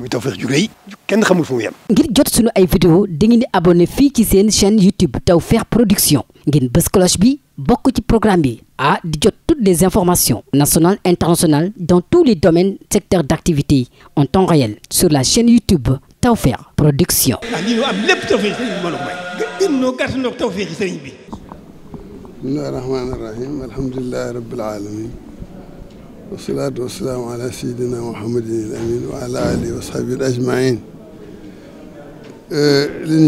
muy Tawfekh ju rëy kenn xamul fu mu ngir jot sunu ay vidéo dangeen di abonné fii ci seen chaîne YouTube Tawfekh Production ngeen bës bi bokk ci programme bi a di jot toutes les informations nationales internationales dans tous les domaines secteurs d'activité en temps réel sur la chaîne YouTube Tawfekh Production. ah lii ñu am lépp Tawfekh sëriñ bi mbooloo mooy. gën ñoo gàtt ñoo bi. bismillaahi rahmaani rahiim alhamdulillaahi rabbil aalamiin. wasalaatu wasalaamu ala sayidina muhammadin il amin wa ala alihi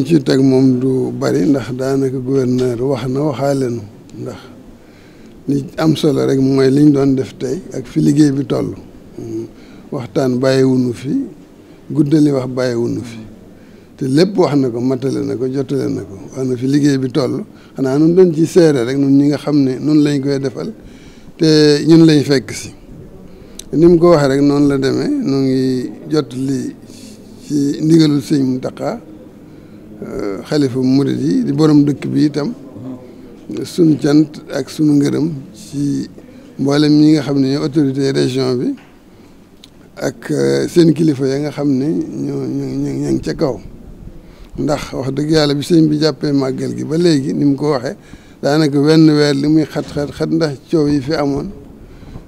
ci teg moom du bari ndax daanaka gouverneur wax na waxaale nu ndax li am solo rek mooy liñ doon def tey ak fi liggéey bi toll waxtaan bàyyiwunu fi guddali wax bàyyiwunu fi te lépp wax na ko matale na ko jotale na ko wax na fi liggéey bi toll xanaa nun doon ci seere rek nun ñi nga xam ne nun lañ koy defal te ñun lañ fekk si ni mu ko waxee rek noonu la demee nu ngi jot li ci ndigalul sëñ Mountakha euh, xalifa murit yi di di borom dëkk bi itam sunu cant ak sunu ngërëm ci mboolem ñi nga xam ne autorité région bi ak euh, seen kilifa ya nga xam ne ñoo ñoo ngi ca kaw ndax wax dëgg yàlla bi sëñ bi jàppee màggal gi ba léegi ni mu ko waxee daanaka wenn weer li muy xat-xat xat ndax coow yi fi amoon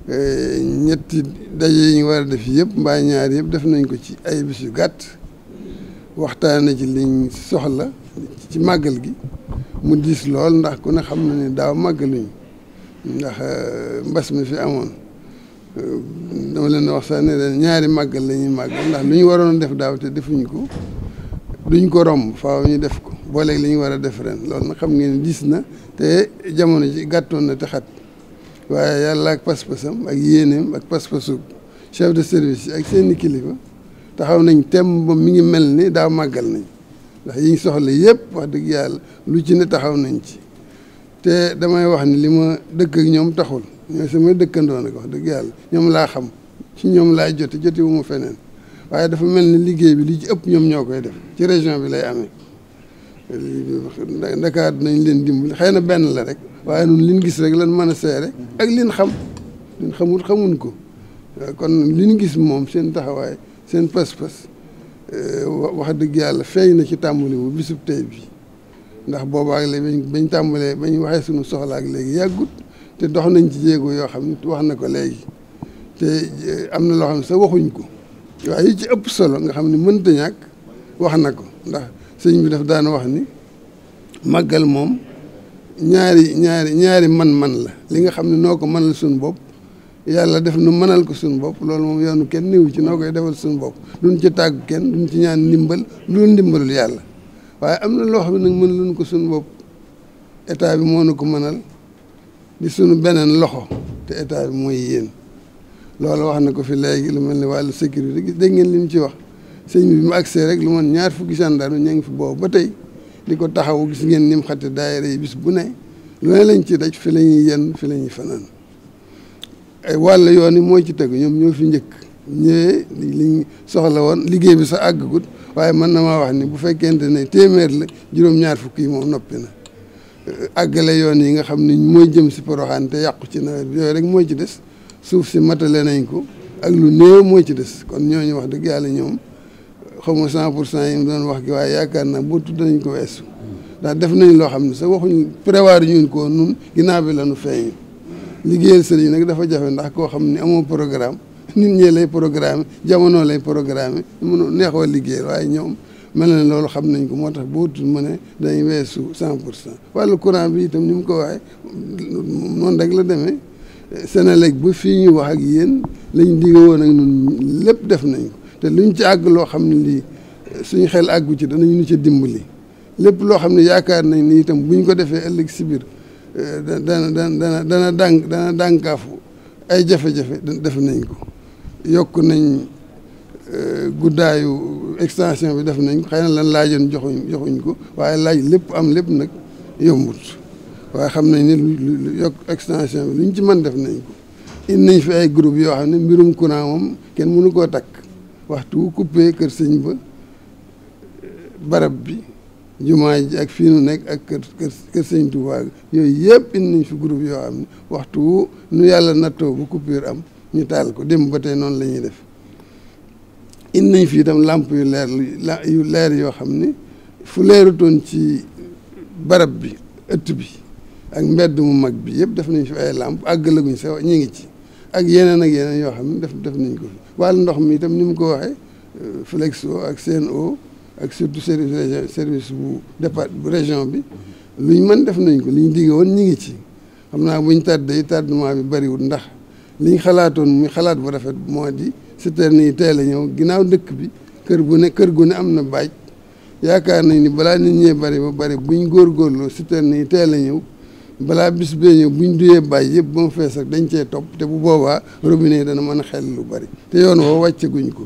ñetti daje yi ñu war a def yëpp mbaa ñaar yëpp def nañ ko ci ay bis yu gàtt waxtaan ji ci liñ soxla ci màggal gi mu diis lool ndax ku ne xam na ne daaw màgg màggaluñu ndax euh, mbas mi fi amoon euh, dama leen wax sax ne leen ñaari màggal lañuy ñuy màggal ndax lu ñu waroon def daaw te defuñu ko duñ ko romb faaw ñu def ko booleeg li ñu war a def ren lool na xam ngeen diis na te jamono ji gàttoon na te xat waaye yàlla ak pas-pasam ak yéeneem ak pas-pasu chef de service yi ak seeni kilifa taxaw nañ tem ba mi ngi mel ni daa màggal nañ ndax yiñ soxla yëpp wax dëgg yàlla lu ci ne taxaw nañ ci te damay wax ni li ma dëkk ak ñoom taxul ñoo sama dëkkandoon nag wax dëgg yàlla ñoom laa xam ci ñoom laa jote jote wu ma feneen waaye dafa mel ni liggéey bi li ci ëpp ñoom ñoo koy def ci région bi lay amee ndakaat nañ leen dimbali xëy na benn la rek waaye nun liñ gis rek lan mën a seere ak liñ xam liñ xamul xamuñ ko kon liñ gis moom seen taxawaay seen pas-pas euh, wax dëgg yàlla feeñ na ci tàmbali bu bisub tey bi ndax ak léegi bañ tàmbalee bañ waxee suñu ak léegi yàggut te dox nañ ci jéego yoo xam ne wax na ko léegi te euh, am na loo xam ne waxuñ ko waaye yi ci ëpp solo nga xam ni mënta ñàkk wax na ko ndax sëñ bi daf daan wax ni màggal moom ñaari ñaari ñaari man-man la li nga xam ne noo ko mënal suñu bopp yàlla def nu mënal ko suñu bopp loolu moom yonu kenn néew ci noo koy defal suñu bopp duñ ci tàggu kenn duñ ci ñaan ndimbal lu ndimbalul yàlla waaye am loo xam ne nag mën luñ ko suñu bopp état bi moo nu ko mënal di suñu beneen loxo te état bi mooy yéen loolu wax na ko fi léegi lu mel ne wàllu sécurité gi dégg ngeen li mu ci wax sëñ bi mu agsee rek lu man ñaar fukki gendarme ña ngi fi boobu ba tey di ko taxawu gis ngeen ni mu xate daayira yi bis bu ne lu ne lañ ci daj fi lañuy ñuy yenn fi la ñuy fanaan ay wàll yoon yi mooy ci tegu ñoom ñoo fi njëkk soxla woon liggéey bi sa àggagut waaye mën na maa wax ni bu fekkente ne téeméer la juróom-ñaar fukk yi moom noppi na yoon yi nga xam ne mooy jëm si Porokhane te yàqu ci nawet bi yooyu rek mooy ci des suuf si matale nañ ko ak lu néew mooy ci des kon ñooñu wax dëgg yàlla ñoom xaw ma cent pour cent yi mu doon wax gi waaye yaakaar naa bu tudd nañ ko weesu ndax def nañ loo xam ne sax waxuñ prévoir ñun ko nun ginnaaw bi la ñu feeñ liggéeyal sëriñ nag dafa jafe ndax koo xam ne amoo programme nit ñee lay programme jamono lay programme mënu neexoo liggéeyal ñoom mel na loolu xam nañ ko moo tax boo tudd mu ne dañ weesu cent pour cent wàllu courant bi itam ni mu ko waxee noonu rek la demee Senelec ba fii ñu wax ak yéen lañ digg woon ak ñun lépp def nañ te luñ ci àgg loo xam ne lii suñu xel àggu ci danañu ñu ci dimbali lépp loo xam ne yaakaar nañ ni itam buñ ko defee ëllëg si biir eh, dana dana dana dànk dana dànkaafu ay jafe-jafe def nañ ko yokk nañ eh, guddaayu extension bi def nañ ko xëy na lan laajoon joxuñ joxuñ ko waaye laaj lépp am lépp nag yombut waaye xam nañ ne lu yokk extension bi luñ ci mën def nañ ko in nañ fi ay groupe yoo xam ne mbirum courant moom kenn mënu koo takk waxtu wu coupé ba barab bi jumaa ji ak fii nu nekk ak kër kër kër yooyu yëpp indi nañ fi groupe yoo am ne waxtu nu yàlla nattoo bu coupure am ñu taal ko dem ba tey noonu lañuy def indi nañ fi itam làmp yu leer leer yoo xam ne fu leerutoon ci barab bi ëtt bi ak mbedd mu mag bi yëpp def nañ fi ay làmp ak àggalaguñ sewa ñu ngi ci ak yeneen ak yeneen yoo xam ne def def nañ ko fi wàllu ndox mii itam ni mu ko waxee euh, Flexo ak CNO ak surtout service service bu départ bu région bi luñ mën def nañ ko liñ digge woon ñu ngi ci xam naa buñ tàddee tardement bi bariwul ndax liñ xalaatoon muy xalaat bu rafet moo di citerne yi teel a ñëw ginnaaw ndëkk bi kër gu ne kër gu ne am na baaj yaakaar nañ ni balaa nit ñee bari ba bari buñ góorgóorloo citerne yi teel a ñëw balaa bis bee ñëw buñ duyee bàyyi yëpp ba mu fees rek dañ cee topp te bu boobaa robinet yi dana mën a xel lu bari te yoon woo wàcceguñ ko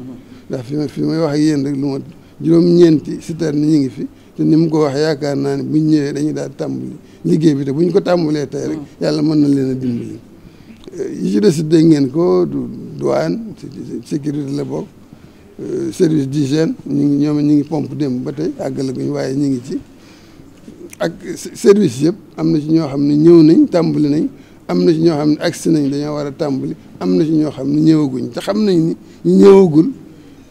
ndax fi ma fi may wax ak yéen rek lu ma juróom-ñeenti citerne ñu ngi fi te ni mu ko wax yaakaar naa ne buñ ñëwee dañuy daal tàmbali liggéey bi te buñ ko tàmbalee tey rek hmm. yàlla mën na leen a dimbali eh, yi ci des dégg ngeen ko du douane sécurité la bokk euh, service d'hygiène ñu ñoom ñu ngi pompe démb ba tey àggalaguñ waaye ñu ngi ci ak service yëpp am na ci ñoo xam ne ñëw nañ tàmbali nañ am na ci ñoo xam ne agsi nañ dañoo war a tàmbali am na ci ñoo xam ne ñëwaguñ te xam nañ ni ñu ñëwagul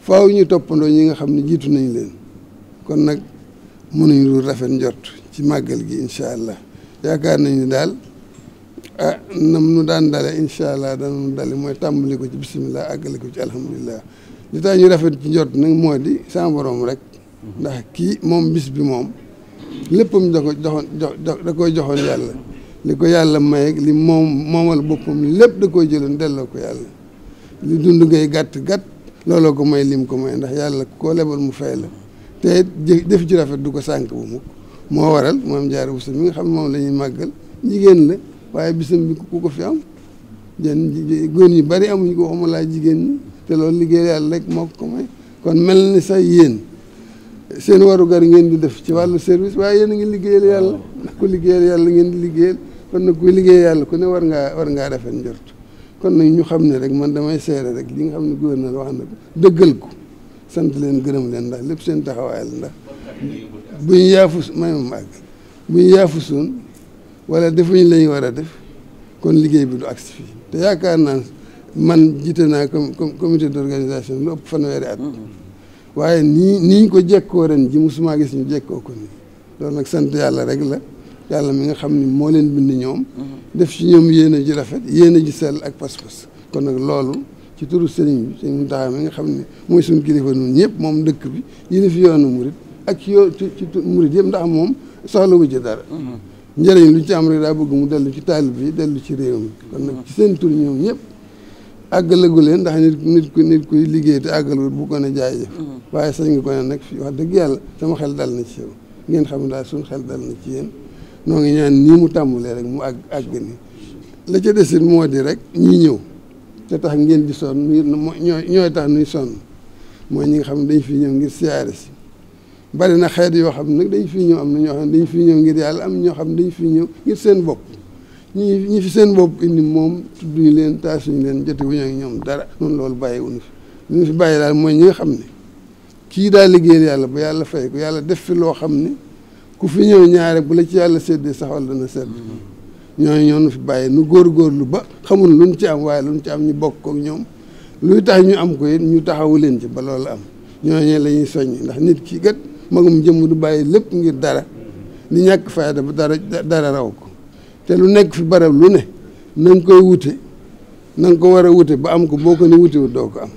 faaw ñu toppandoo ñi nga xam ne jiitu nañ leen kon nag mënuñ lu rafet njot ci màggal gi incha allah yaakaar nañ ni daal ah na nu daan dale incha allah danañ dale mooy tàmbali ko ci bisimilah àggale ko ci alhamdulilah li tax ñu rafet ci njort nag moo di sans rek mm-hmm. ndax kii moom bis bi moom. léppam da ko joxoon da koy joxoon yàlla li ko yàlla may li moom moomal boppam lépp da koy jëloon delloo ko yàlla li dund ngay gàtt gàtt looloo ko may lim ko may ndax yàlla ko lebal mu fay la te def ci rafet du ko sànq bu mukk moo waral moom jaare bu mi nga xam ne moom lañuy màggal jigéen la waaye bisam bi ku ko fi am jën góor ñu bari amuñu ko waxuma laa jigéen ñi te loolu liggéey yàlla rek moo ko may kon mel ni sax yéen seen warugar ngeen di def ci wàllu service waaye yéen ngi liggéeyal yàlla ndax ku yàlla ngeen di liggéeyal kon nag kuy liggéey yàlla ku ne war ngaa war ngaa rafet njort kon nag ñu xam ne rek man damay seere rek li nga xam ne gouverneur wax na ko dëggal ko sant leen gërëm leen ndax lépp seen taxawaay la ndax bu ñu yaafus may ma àgg bu ñu yaafusoon wala defuñ lañu war a def kon liggéey bi du agsi fii te yaakaar naa man jiite naa comité d' organisation lu ëpp fanweeri at mm-hmm. waaye nii nii ñu ko jekkoo ren ji musuma gis ñu jekkoo ko nii loolu nag sant yàlla rek la yàlla mi nga xam ni moo leen bind ñoom mm-hmm. def ci ñoom yéene ji rafet yéene ji sell ak pas-pas kon nag loolu ci turu sëriñ bi sëriñ nga xam ne mooy suñu kilifa ñëpp moom dëkk bi yéene fi yoonu murit ak ci yoo ci murit yëpp ndax moom soxla wu ci dara mm-hmm. njëriñ lu ci am bëgg mu dellu ci taalib yi dellu ci réew mi kon nag ci seen tur ñoom ñëpp àggalagu leen ndax nit nit ku nit kuy liggéey te àggalagul bu ko ne jaajëf mm-hmm. waaye sañ nga ko nag fii wax dëgg yàlla sama xel dal na ci yow ngeen xam suñ xel dal na ci yéen noo ngi ñaan nii mu tàmbalee rek mu àgg àgg ni la ca desit moo di rek ñi ñëw te tax ngeen di sonn ñooy ñooy tax nuy sonn mooy ñi nga xam ne dañ fii ñëw ngir siyaare si bari na xeet yoo xam ne nag dañ fi ñëw am na ñoo xam dañ fi ñëw ngir yàlla am ñoo xam ne dañ fii ñëw ngir seen bopp ñi ñi fi seen bopp indi moom tudduñu leen taasuñu leen jote wuñu ak ñoom dara noonu loolu bàyyi wuñu fi ñu fi bàyyi daal mooy ñi nga xam ne kii daa liggéeyal yàlla ba yàlla fay ko yàlla def fi loo xam ne ku fi ñëw ñaare bu la ci yàlla séddee saxal dana sedd ñooñu ñoo nu fi bàyyi nu góor góorgóorlu ba xamul luñ ci am waaye luñ ci am ñu bokk ak ñoom luy tax ñu am ko it ñu taxawu leen ci ba loolu am ñooñu la ñuy soññ ndax nit ki kat magum jëmm du bàyyi lépp ngir dara di ñàkk fayda ba dara dara raw ko te lu nekk fi barab lu ne na koy wute na ko war a wute ba am ko boo ko ni wutewut doo ko am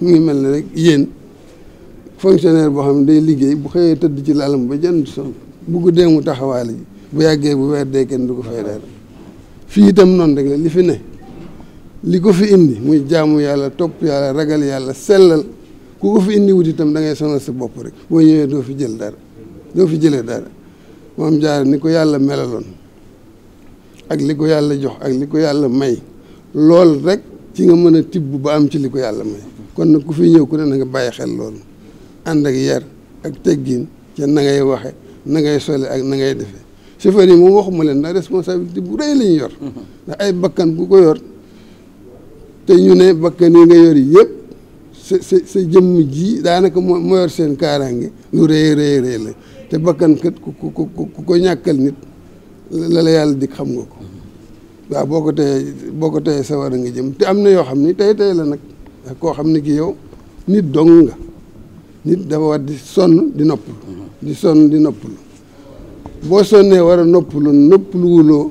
mu ngi mel ne rek yéen fonctionnaire boo xam ne day liggéey bu xëyee tëdd ci lalam ba jant son bu guddee mu taxawaale ji bu yàggee bu weer dee kenn du ko fay dara fii itam noonu rek la li fi ne li ko fi indi muy jaamu yàlla topp yàlla ragal yàlla sellal ku ko fi indi wut itam da ngay sonal sa bopp rek boo ñëwee doo fi jël dara doo fi jëlee dara moom jaar ni ko yàlla melaloon ak li ko yàlla jox ak li ko yàlla may lool rek ci nga mën a tibb ba am ci li ko yàlla may kon na ku fi ñëw ku ne na nga bàyyi xel loolu ànd ak yar ak teggin ca na ngay waxe na ngay sole ak na ngay defee chauffeur yi moom waxuma leen ndax responsabilité bu rëy la yor ndax ay bakkan ku ko yor te ñu ne bakkan yi nga yor yëpp sa sa sa jëmm ji daanaka moo moo yor seen kaaraange lu rëy rëy la te bakkan kat ku ku ku ko ñàkkal nit la la yàlla dig xam nga ko waaw boo ko teyee boo ko teyee war a nga jëm te am na yoo xam ni tey tey la nag koo xam ne ki yow nit dong nga nit dafa war di sonn di noppalu di sonn di noppalu boo sonnee war a noppalu noppalu wuloo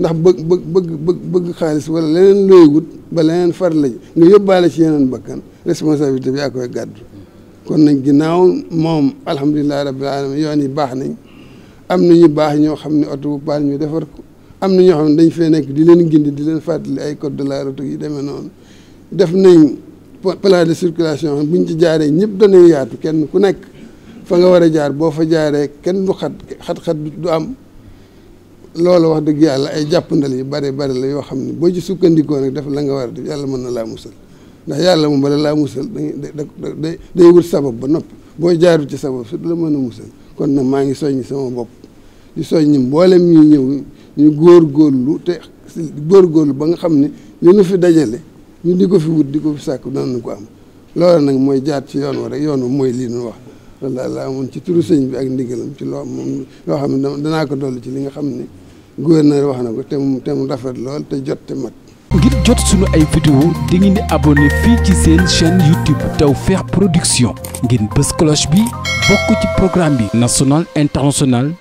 ndax bëgg bëgg bëgg bëgg bëgg xaalis wala leneen looy wut ba leneen far la nga yóbbaale ci yeneen bakkan responsabilité bi yaa koy gàddu kon nañ ginnaaw moom alhamdulilah rabbil alamin yoon yi baax nañ am na ñu baax ñoo xam ne oto bu paan ñu defar ko am na ñoo xam ne dañ fee nekk di leen gindi di leen fàttali ay code de la route yi demee noonu def nañ plan de circulation buñ ci jaaree ñëpp danañ yaatu kenn ku nekk fa nga war a jaar boo fa jaaree kenn du xat xat-xat du am loolu wax dëgg yàlla ay jàppandal yu bare bare la yoo xam ne boo ci sukkandikoo rek def la nga war a def yàlla mën na laa musal ndax yàlla moom bala laa musal da day day wut sabab ba noppi boo jaaru ci sabab su la mën a musal kon nag maa ngi soññ sama bopp di soññ mboolem ñuy ñëw ñu góor góorlu te góor góorlu ba nga xam ne ñu nu fi dajale ñu di ko fi wut di ko fi sàkk danañ ko am loolu nag mooy jaar ci yoon wa rek yoon wa mooy lii nu wax loolu laa amoon ci turu bi ak ndigalam ci loo moom xam ne danaa ko dolli ci li nga xam ne gouverneur wax na ko te mu te mu rafet lool te jot te mat ngir jot sunu ay vidéo di ngeen di abonné fii ci seen chaîne YouTube Tawfekh Production ngeen bës cloche bi bokk ci programme bi national international